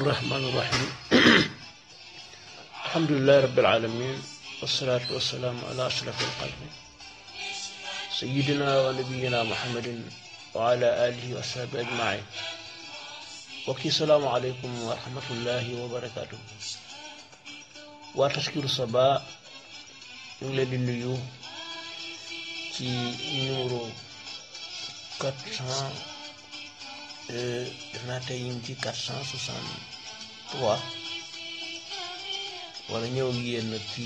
الرحمن الرحيم الحمد لله رب العالمين والصلاة والسلام على أشرف الخلق سيدنا ونبينا محمد وعلى آله وصحبه أجمعين وكي السلام عليكم ورحمة الله وبركاته وتشكير صباح نولد اليوم ci numéro 400 def naa tey ñu ngi ci 460 Touba wala ñëw ak yéen nag ci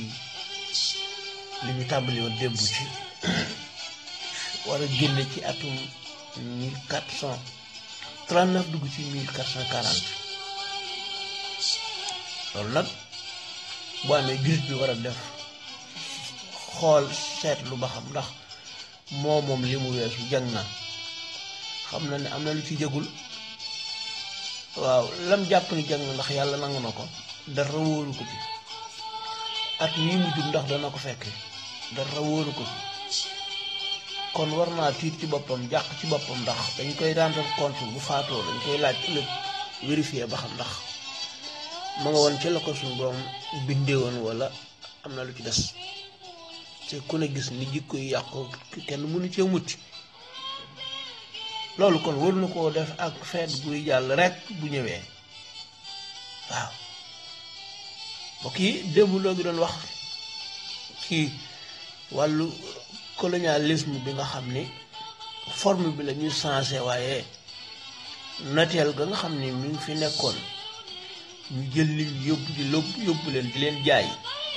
li ñu tàmbali woon démb ci war a génne ci atum mille quatre cent trente dugg ci mille quatre cent quarante loolu nag boo amee jullit bi war a def xool seetlu lu ba xam ndax moo moom li mu weesu jàng na xam na ne am na lu ci jëgul waaw lam jàpp ni jàng ndax yàlla nangu na ko dara wóoru ko ci at mii mu ndax dana ko fekk dara wóoru ko kon war naa tiit ci boppam jàq ci boppam ndax dañ koy rendre compte bu faatoo dañ koy laaj lépp vérifier ba xam ndax mu nga woon ci la ko suñu borom bindee wala am na lu ci des te ku ne gis ni jikko yi yàqu kenn mënu cee mucc loolu kon war na koo def ak feet guy jàll rekk bu ñëwee waaw mbokk yi démb loo ngi doon wax ci wàllu colonialisme bi nga xam ni forme bi lañuy ñuy waaye nateel ga nga xam ni mu ngi fi nekkoon ñu jël li ñi yóbbu lóbb yóbbu leen di leen jaay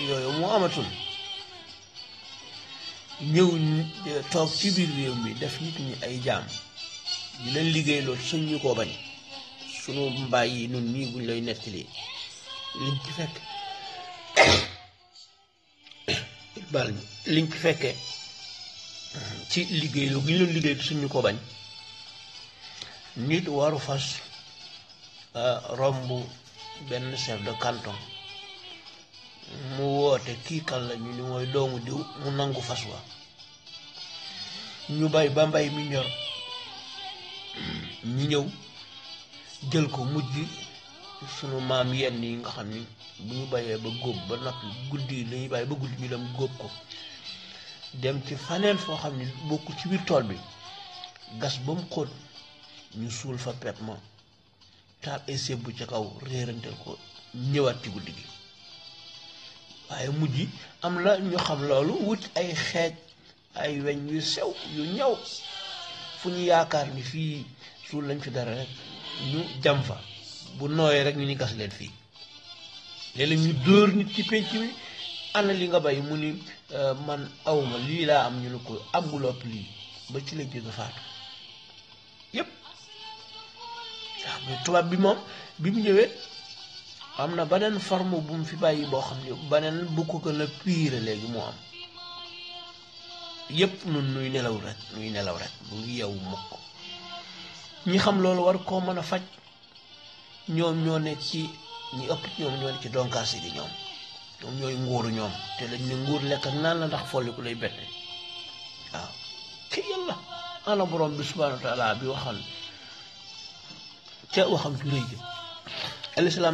yooyu moo amatul ñëw eh, toog ci biir réew mi def nit ñi ay jaam di leen liggéey loolu suñ ñu koo bañ suñu mbaay yi nun ñii buñ lay nettali liñ ci fekk baal mi liñ ci fekkee ci liggéey lu gi leen liggéey suñ ñu ko bañ nit waru fas romb benn chef de canton mu woote kii kan la ñu ni mooy doomu diw mu nangu fas wa ñu bay ba mbay mi ñor ñu ñëw jël ko mujj sunu maam yenn yi nga xam ni bu ñu bayee ba góob ba noppi guddi yi dañuy bàyyi ba guddi ñu dem góob ko dem ci faneen foo xam ni bokkul ci biir tool bi gas ba mu xóot ñu suul fa pepp ma taal ay sebbu ca kaw réerante ko ñëwaat ci guddi gi waaye mujj am na ñu xam loolu wut ay xeej ay weñ yu sew yu ñaw fu ñu yaakaar ni fii suul lañ fi dara rek ñu jam fa bu nooyee rek ñu ni gas leen fii léeg-léeg ñu dóor nit ci penc mi ana li nga bay mu ni euh, man awma lii laa am ñu ne ko am bu lopp lii ba ci la jóge faatu yépp tubaab bi moom bi mu ñëwee am na beneen forme bu mu fi bàyyi boo xam ne beneen bu ko gën a pire léegi moo am yëpp nun nuy nelaw rek nuy nelaw rek bu ngi yow mukk ñi xam loolu war koo mën a faj ñoom ñoo ne ci ñi ëpp ñoom ñoo ne ci donkaas yi ñoom ñoom ñooy nguuru ñoom te lañ ne nguur lekk naan la ndax folliku lay bette waaw te yàlla ca waxam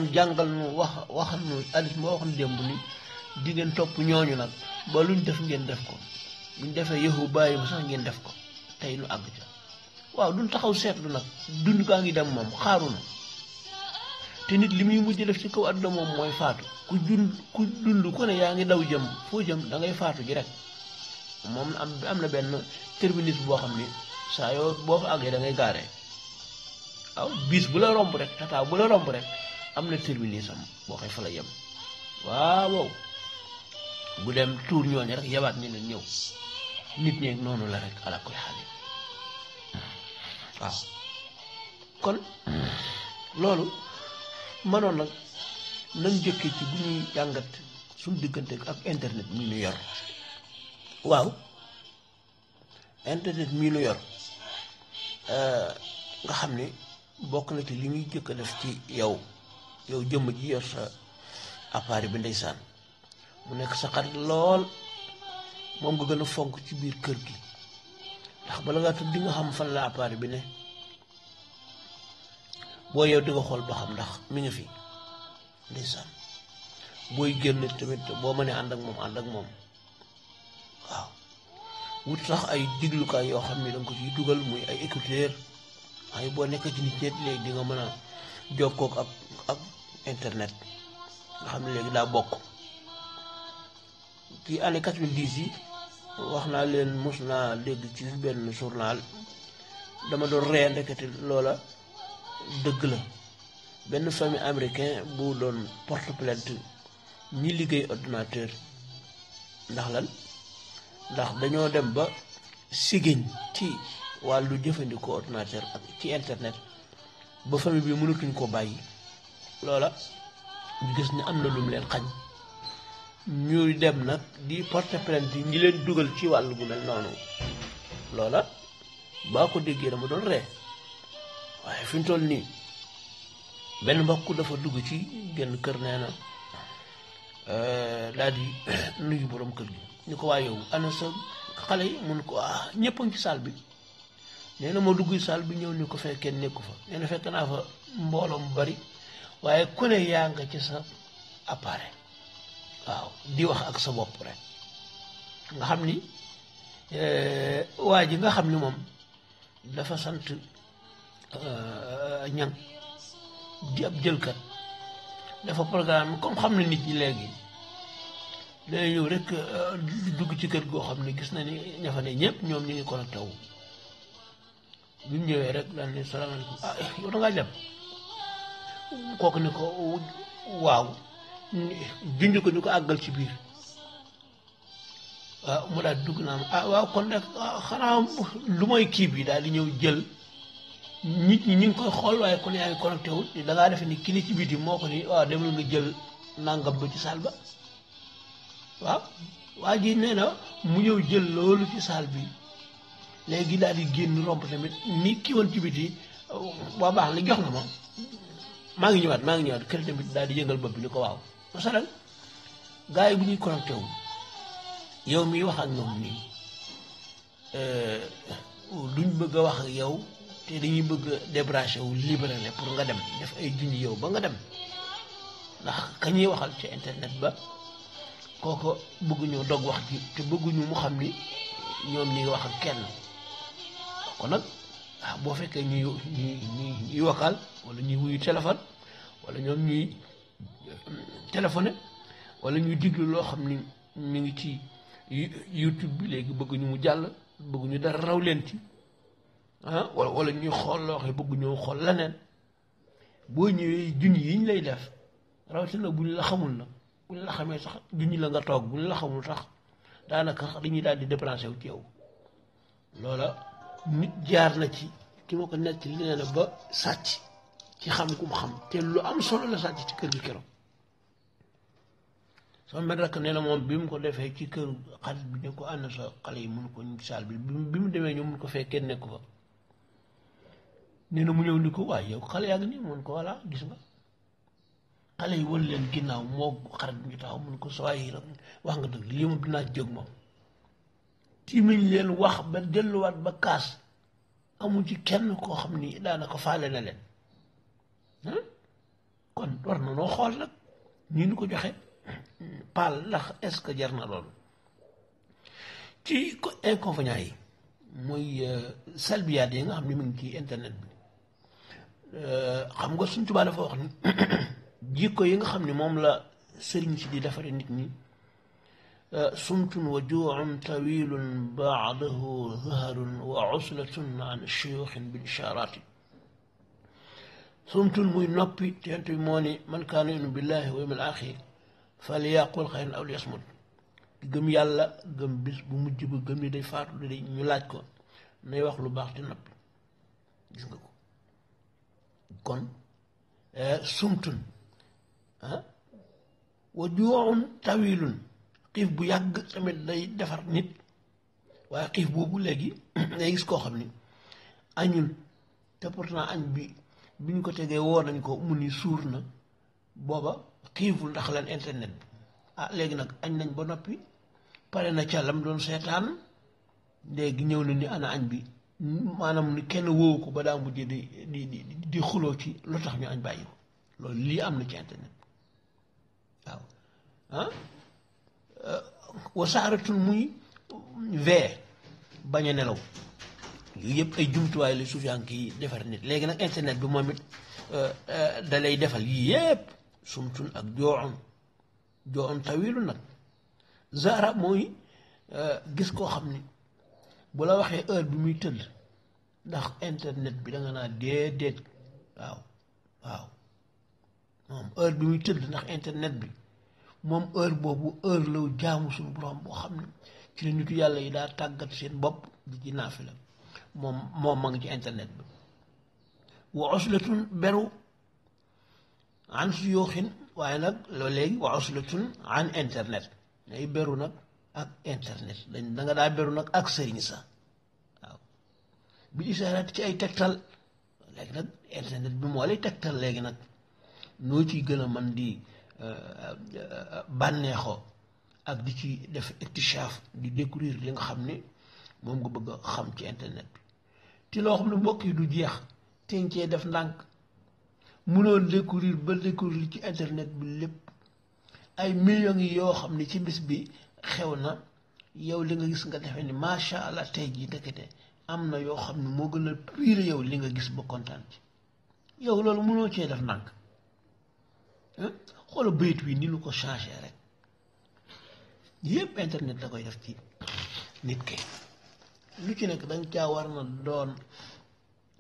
ci jàngal nu wax waxal nu démb ni di ngeen topp ñooñu nag ba luñ def ngeen def ko buñ defee yëfu bàyyi ma sax ngeen def ko tey nu àgg ca waaw duñ taxaw seetlu nag dund kaa ngi dem moom xaaru na te nit li muy mujj def ci kaw àdduna moom mooy faatu ku jun dund ku yaa ngi daw jëm foo jëm da ngay faatu ji rek moom am na benn terminus boo xam ni saa yoo boo fa àggee dangay ngay gaaree waaw bis bu la romb rek tata bu la romb rek am na terminus am boo xëy fa la yem waaw bu dem tuur ñooñu rek yabaat ñu ne ñëw nit ñeeg noonu la rek ala koy xale. waaw kon loolu mënoon nag nañ jëkkee ci bu ñuy jàngat suñu diggante ak internet mi nu yor waaw internet mi nu yor eh, nga xam ni bokk na ci li muy jëkk a def ci yow yow jëmm ji yor sa appareil bi ndeysaan mu nekk sa xarit lool moom nga gën a fonk ci biir kër gi ndax bala ngaa tëdd di nga xam fan la appareil bi ne boo yow di nga xool ba xam ndax mi ngi fi ndeysaan booy génn tamit boo mënee ànd ak moom ànd ak moom waaw wut sax ay diglukaay yoo xam ne danga ko ciy dugal muy ay écouteur waaye boo nekk ci nit ñett léegi di nga mën a jokkoog ak ak internet nga xam ne léegi daa bokk ci année quatre-vingt-dix wax naa leen mos naa dégg ci benn journal dama doon ree ndekete loola dëgg la benn famille américain bu doon porte plainte ñi liggéey ordinateur ndax lan ndax dañoo dem ba sigiñ ci wàllu jëfandikoo ordinateur ak ci internet ba famille bi mënatuñ ko bàyyi loola ñu gis ne am na lu leen xañ ñuy dem nag di porte plainte yi ñi leen dugal ci wàll gu mel noonu loola baa ko déggee dama doon ree waaye fi toll nii benn mbokk dafa dugg ci genn kër nee na euh, daal di nuyu borom kër gi ñu ko waa yow ana sa xale yi mun ko ah ñëpp a ci saal bi nee na ma dugg saal bi ñëw ni ko fekkee nekku fa nee na fekk naa fa mbooloo mu bari waaye ku ne yaa nga ci sa waaw di wax ak sa bopp rek nga xam ni eh, waa ji nga xam ni moom dafa sant eh, ñan di ab jëlkat dafa programme comme xam na nit ñi léegi day ñëw rek eh, dugg ci kër goo xam ne gis na ni ña ñëpp ñoom ñu ngi connecté wu bi mu ñëwee rek daal ne salaamaaleykum ah waaw junj ko ni ko àggal ci biir ah, mu daa dugg naa ah waaw kon nag ah, xanaa lu mooy kii bi daal di ñëw jël nit ñi ñu ngi koy xool waaye kon yaa ngi connecté wul defe ni kii ni ci biti moo ko ni waaw demal nga jël nangam ba ci saal ba waaw waa na mu ñëw jël loolu ci bi léegi daal di génn romb tamit ni kii woon ci biti waa baax la jox na ma maa ngi ñëwaat maa ngi ñëwaat kër tamit daal di yëngal bopp bi ni ko waaw masalan gars yi bu ñuy connecté wu yow miy wax ak ñoom nii euh, duñ bëgg a wax ak yow te dañuy bëgg a débranché wu libéré la pour nga dem def ay junj yow ba nga dem ndax ka waxal ca internet ba kooko bëgguñu dog wax ji te bëgguñu mu xam ni ñoom ñi wax ak kenn kon nag ah boo fekkee ñuy ñuy ñuy wokaal wala ñuy wuyu téléphone wala ñoom ñuy. téléphone walla ñuy diglu loo xam ni mi ngi ci YouTube bi léegi bëgguñu mu jàll bëgguñu dara raw leen ci ah wala wala ñuy xool loo xam bëgguñoo xool leneen boo ñëwee junj yi ñu lay def rawatina bu ñu la xamul na bu ñu la xamee sax junj la nga toog bu ñu la xamul sax daanaka dañuy daal di débranché wu ci loola nit jaar na ci ki ma ko nekk li nee ba sàcc. ci xam kum xam te lu am solo la sàcc ci kër gi keroog sama benn rakk nee na moom bi mu ko defee ci kër xarit bi ne ko ànd sa xale yi mun ko saal bi bi mu demee ñu mun ko fekkee nekk fa nee na mu ñëw ni ko waaye yow xale yaa ngi nii mun ko voilà gis nga xale yi wal leen ginnaaw moo xarit bi ñu taxaw mun ko soo yi rek wax nga dëgg lii moom dinaa jóg moom timiñ leen wax ba delluwaat ba kaas amul ci kenn koo xam ni daanaka faale na leen Hmm? kon war na noo xool nag nii nu ko joxe paal ndax est-ce que jar na loolu ci ko inconvénient yi mooy euh, salbiyaat yi nga xam ne mu ngi ci internet bi euh, xam nga suñ tubaab dafa wax ni jikko yi nga xam ni moom la sëriñ si di defare nit ñi euh, sumtun wa juucun tawilun baadahu zaharun wa uslatun an shuyuxin bil ishaaraati sumtul muy noppi teent bi moo ni man kaana yuminu billahi wa yawmil axir fal yaqul xayran aw liyasmut ki gëm yàlla gëm bis bu mujj bu gëm ni day faatu di ñu laaj ko nay wax lu baax te noppi gis nga ko kon eh, sumtun ah wa tawilun xiif bu yàgg tamit day defar nit waaye xiif boobu léegi ngay gis koo xam ni añul te pourtant añ bi bi ñu ko tegee woo nañ ko mu ni suur na booba xiiful ndax lan internet bi ah léegi nag añ nañ ba noppi pare na ca lam doon seetaan léegi ñëw na ni ana añ bi maanaam ni kenn woowu ko ba daa mujjee di di di di xuloo ci lu tax ñu añ bàyyi ko loolu lii am na ci internet waaw ah eh, wasaaratul muy vee bañ a nelaw yooyu yëpp ay jumtuwaay la sufiyank yi defar nit léegi nag internet bi moom it euh, euh, da lay defal yii sum sumtun ak jooxoon jooxoon tawilu nag zaara mooy euh, gis koo xam ni bu la waxee heure bi muy tëdd ndax internet bi da nga naa déedéet waaw waaw moom heure bi muy tëdd ndax internet bi moom heure boobu heure la jaamu suñu borom boo xam ne ci la nitu yàlla yi daa tàggat seen bopp di ci naafi la moom moom ma ngi ci internet bi wa uslatun beru an suyuuxin waaye nag loolu léegi wa uslatun an internet day beru nag ak internet dañ da nga daa beru nag ak sëriñ sa waaw bi isaaraat ci ay tegtal léegi nag internet bi moo lay tegtal léegi nag noo ci gën a mën di euh, euh, bànneexoo ak di ci def ictichaaf di découvrir li nga xam ni moom nga bëgg xam ci internet ci loo xam ne mbokk yi du jeex cee def ndànk mënoo découvrir ba découvrir ci internet bi lépp ay millions yi yoo xam ne ci bis bi xew na yow li nga gis nga defe ni macha allah tey jii ndekete am na yoo xam ne moo gën a pire yow li nga gis ba kontaan yow loolu mënoo cee def ndànk xoola bayit wi ni nu ko changé rek yépp internet da koy def ci nit ki lu ci nekk dañ caa war na doon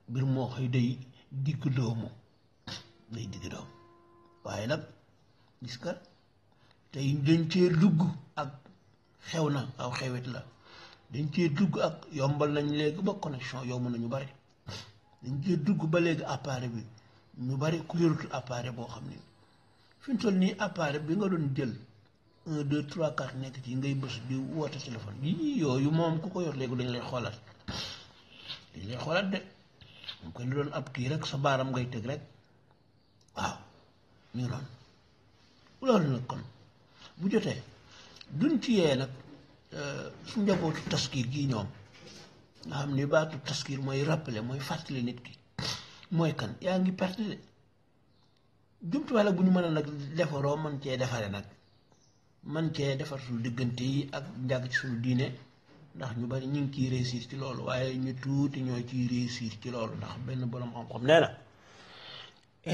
mbir moo xëy day digg doomu day digg doomu waaye nag gis nga tey dañ cee dugg ak xew na aw xewit la dañ cee dugg ak yombal nañ léegi ba connexion yomb na ñu bari dañ cee dugg ba léegi appareil bi ñu bari ku yorutul appareil boo xam ne fi mu toll nii appareil bi nga doon jël un deux nekk ci ngay bës di woote téléphone yii yooyu moom ku ko yor léegi dañ lay xoolaat dañ lay xoolaat de moom koy lu doon ab kii rek sa baaram ngay tëg rek waaw mi noonu loolu nag kon bu jotee duñ ci yee nag fu euh, njabootu taskiir gii ñoom nga xam ni baatu taskiir mooy rappelé mooy fàttali nit ki mooy kan yaa ngi perte de jumtuwaay la bu ñu mën a nag defaroo mën cee defare nag man cee defar suñu diggante yi ak njàgg ci suñu diine ndax ñu bari ñu ngi ciy réussir ci loolu waaye ñu tuuti ñoo ciy réussir ci loolu ndax benn borom xam-xam nee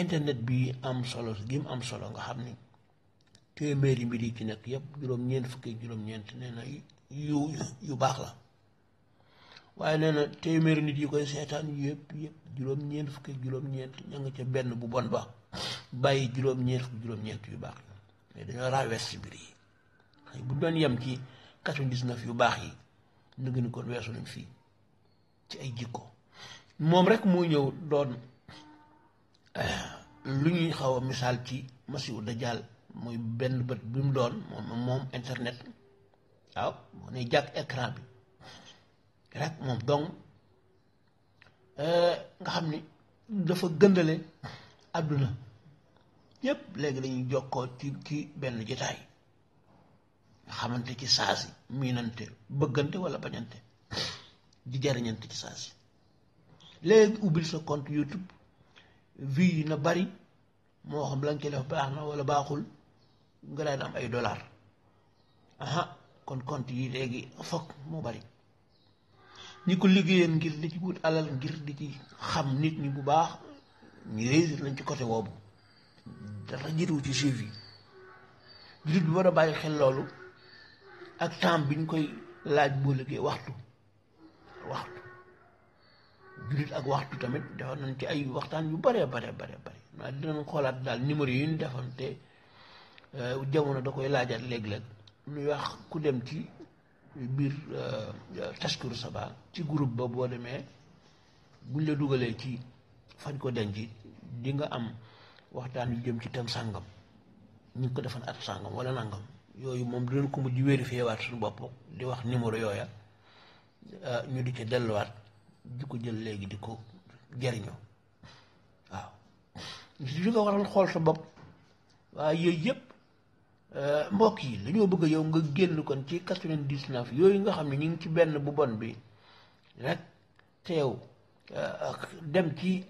internet bi am solo gi am solo nga xam ni téeméeri mbir yi nekk yëpp juróom-ñeent nee na yu yu baax la waaye nee na téeméeri nit yi koy seetaan yëpp yëpp juróom-ñeent fukki juróom-ñeent ca benn bu bon ba bàyyi juróom-ñeent fukki juróom-ñeent yu baax la mais dañoo rawees ci mbir yi. bu doon yem ci quatre-vingt-dix-neuf yu baax yi nu gën kon weesu nañ fii ci ay jikko moom rek muy ñëw doon eh, lu ñuy xaw a misaal ci masiwu dajjal muy benn bët bi mu doon moom moom internet waaw moo ne jàkk écran bi rek moom donc eh, nga xam ni dafa gëndale àdduna yépp léegi dañuy jokkoo ci ci benn jotaay xamante ci saasi miinante bëggante wala bañante di jariñante ci saasi léegi ubbil sa compte YouTube vie yi na bari moo xam la nga koy def baax na walla baaxul nga daan am ay dollar aha kon compte yi léegi foog moo bari ñi ko liggéeyeen ngir di ci wut alal ngir di ci xam nit ñi bu baax ñu réussir lañ ci côté boobu dara jiitu ci suivi jullit bi war a bàyyi xel loolu ak temps biñ koy laaj boo liggéey waxtu waxtu jullit ak waxtu tamit defar nañ ci ay waxtaan yu bare bare bare bare waaye dinañ xoolaat daal numéro yi ñu defam te euh, jamono da koy laajaat léeg-léeg ñuy wax ku dem ci biir euh, taskiru saba ci groupe ba boo demee buñ la dugalee ci fañ ko denc di nga am waxtaan yu jëm ci tam sàngam ñu ko defan at sàngam wala nangam yooyu moom dinañ ko mujj vérifié waat suñu bopp di wax numéro yooya euh, ñu di ca delluwaat di ko jël léegi di ko jariñoo waaw li nga waral xool sa bopp waaye yooyu yëpp euh, mbokk yi dañoo bëgg yow nga génn kon ci quatre-vingt-dix-neuf yooyu nga xam ne ñu ngi ci benn bu bon bi rek te yow euh, dem ci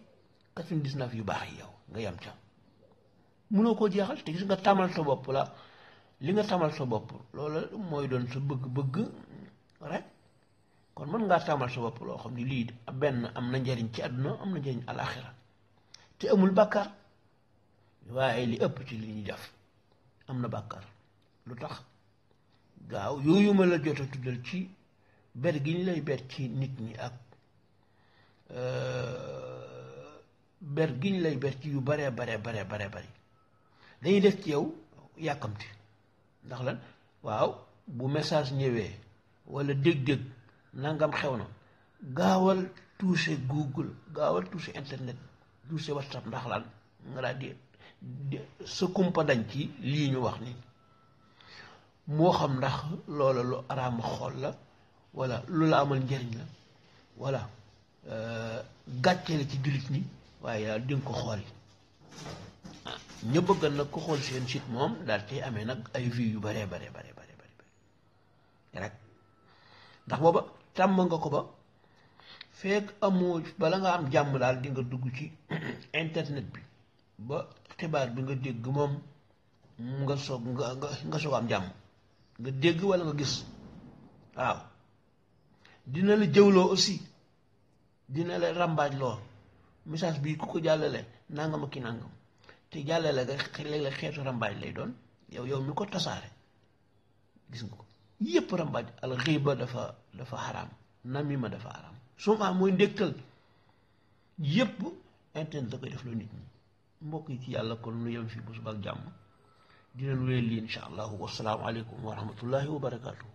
quatre-vingt-dix-neuf yu baax yi yow nga yem ca mënoo koo jeexal te gis nga tàmmal sa bopp la li nga tamal sa bopp loola mooy doon sa bëgg-bëgg rek kon mën ngaa tamal sa bopp loo xam ni lii benn am na njariñ ci àdduna am na njariñ alaxira te amul bàkkaar waaye li ëpp ci li ñuy def am na bàkkaar lu tax gaaw yooyu ma la jot a tuddal ci ber gi ñu lay ber ci nit ñi ak euh, ber gi ñu lay ber ci yu bare bare bare bare bari dañuy def ci yow yàkkamti ndax lan waaw bu message ñëwee wala dég-dég nangam xew na gaawal touché Google gaawal touché internet touché WhatsApp ndax lan nga daal di sa kumpa dañ ci lii ñu wax ni moo xam ndax loola lu araama xool la wala lu la amal njëriñ la wala euh, gàcce la ci jullit ñi waaye daal di ko xool yi ña bëgg nag ko xool seen site moom daal tey amee nag ay vues yu baree baree baree baree baree rek ndax booba tàmm nga ko ba fekk amoo bala nga am jàmm daal di nga dugg ci internet bi ba xibaar bi nga dégg moom nga soog nga nga soog am jàmm nga dégg walla nga gis waaw dina la jëwloo aussi dina la ràmbaaj loo message bi ku ko jàllale nangam ma ki nangam te jàllale ga léeg-léeg xeetu rambaaj lay doon yow yow mi ko tasaare gis nga ko yépp rambaaj al xiiba dafa dafa xaraam namima dafa xaraam suma mooy ndégtal yépp internet da koy def loo nit ñi mbokk yi ci yàlla kon lu yem fi bu subaak jàmm dinañ wéyal lii incha allahu wasalaamu aleykum wa rahmatullahi wa barakaatu.